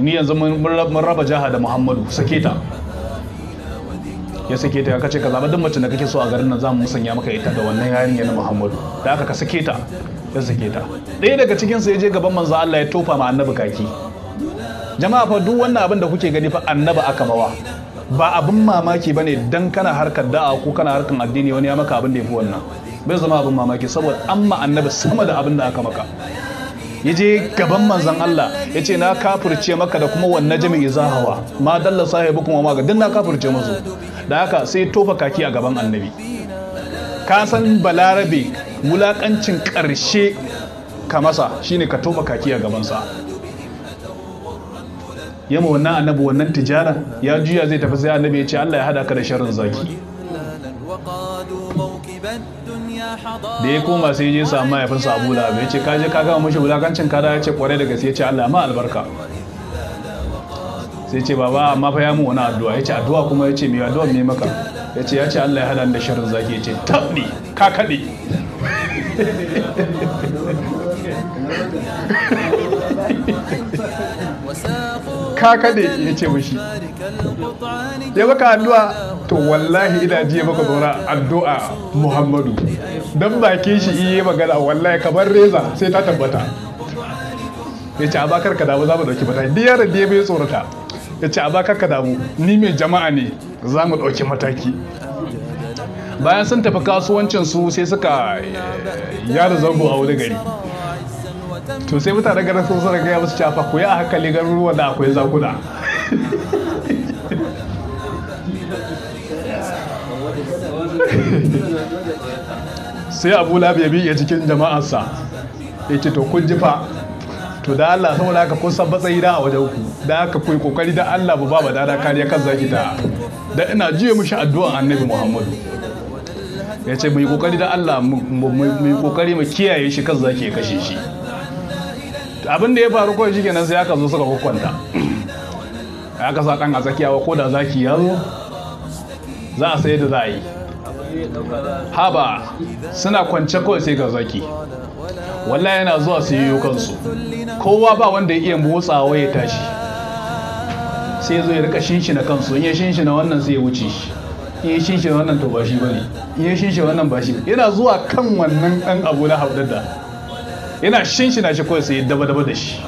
ni yanzu mun raba jaha da muhammadu sake ta ya sake ta ka ce ka zaɓa mace da kake so a garin nan za mu musanya maka ita da wannan yarinya na muhammadu da aka ka sake ta ya sake ta ɗaya daga cikin su ya je gaban manzo Allah ya tofa ma annabi kaki jama'a fa duk wannan abin da kuke gani fa annabi aka mawa ba abin mamaki bane dan kana harkar da'a ko kana harkar addini wani ya maka abin da yafi wannan bai zama abin mamaki saboda amma annabi sama da abin da aka maka ya je gaban manzan Allah ya ce na kafirce maka da kuma wannan jami'i za hawa ma dalla sahibu kuma ma duk na kafirce musu da haka sai tofa kaki a gaban annabi ka san balarabe wulaƙancin ƙarshe ka masa shine ka tofa kaki a gabansa yamma wannan annabi wannan tijara ya juya zai tafi sai annabi ya ce Allah ya hada ka da sharrin zaki da ya koma sai je samu mahaifinsa sabula da ya ce kaje ka gama mashi wulakancin kada ya ce kwarai da gaske ya ce allah ma albarka sai ce baba amma fa ya mu wani addu'a ya ce addu'a kuma ya ce mai addu'a mai maka ya ce ya ce allah ya hada da shirin zaki ya ce tabni ka kaɗe ka ne ya ce mishi ya baka addu'a to wallahi ina jiya maka tsoron addu'a muhammadu dan bakin shi iya magana wallahi kamar reza sai ta tabbata ya ce abakar ka damu za mu ɗauki mataki duk yaron da ya bai tsorata ya ce abakar ka damu ni mai jama'a ne za mu ɗauki mataki bayan sun tafi kasuwancin su sai suka eh, yada zango a wani gari to sai mutane garin sun sanar gaya musu cafa ku ya hankali ruwa da akwai zakuna sai abu labi ya miƙe cikin jama'arsa ya ce to kun jifa to da allah saboda haka kun san matsayi da a wajen ku da haka kun kokari da allah ba ba dada kariya kan zaki ta da ina jiya mushi addu'a annabi muhammadu ya ce mai kokari da allah mai kokari mu kiyaye shi kan zaki ya kashe shi abin da ya faru kawai shi kenan sai aka zo suka hukunta ya kasa dan a tsakiya ko da zaki ya zo za a sai da za a yi haba suna kwance kawai sai ga zaki wallahi yana zuwa su yi kansu kowa ba wanda ya iya motsawa ya tashi sai ya zo ya rika shinshina kansu in ya shinshina wannan sai ya wuce shi in ya shinshina wannan to ba shi bane in ya shinshina wannan ba shi yana zuwa kan wannan dan abu na haudar da yana shinshina shi kawai sai daba-daba da shi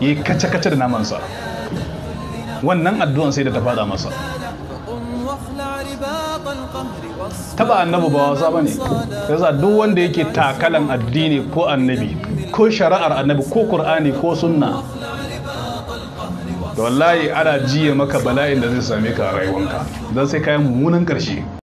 ya yi kace-kace da namansa wannan addu'an sai da ta fada masa taba annabi ba wasa bane yasa duk wanda yake takalan addini ko annabi ko shari'ar annabi ko Kur'ani ko sunna Da wallahi ana jiye maka bala'in da zai same ka a rayuwanka don sai kayan mummunan ƙarshe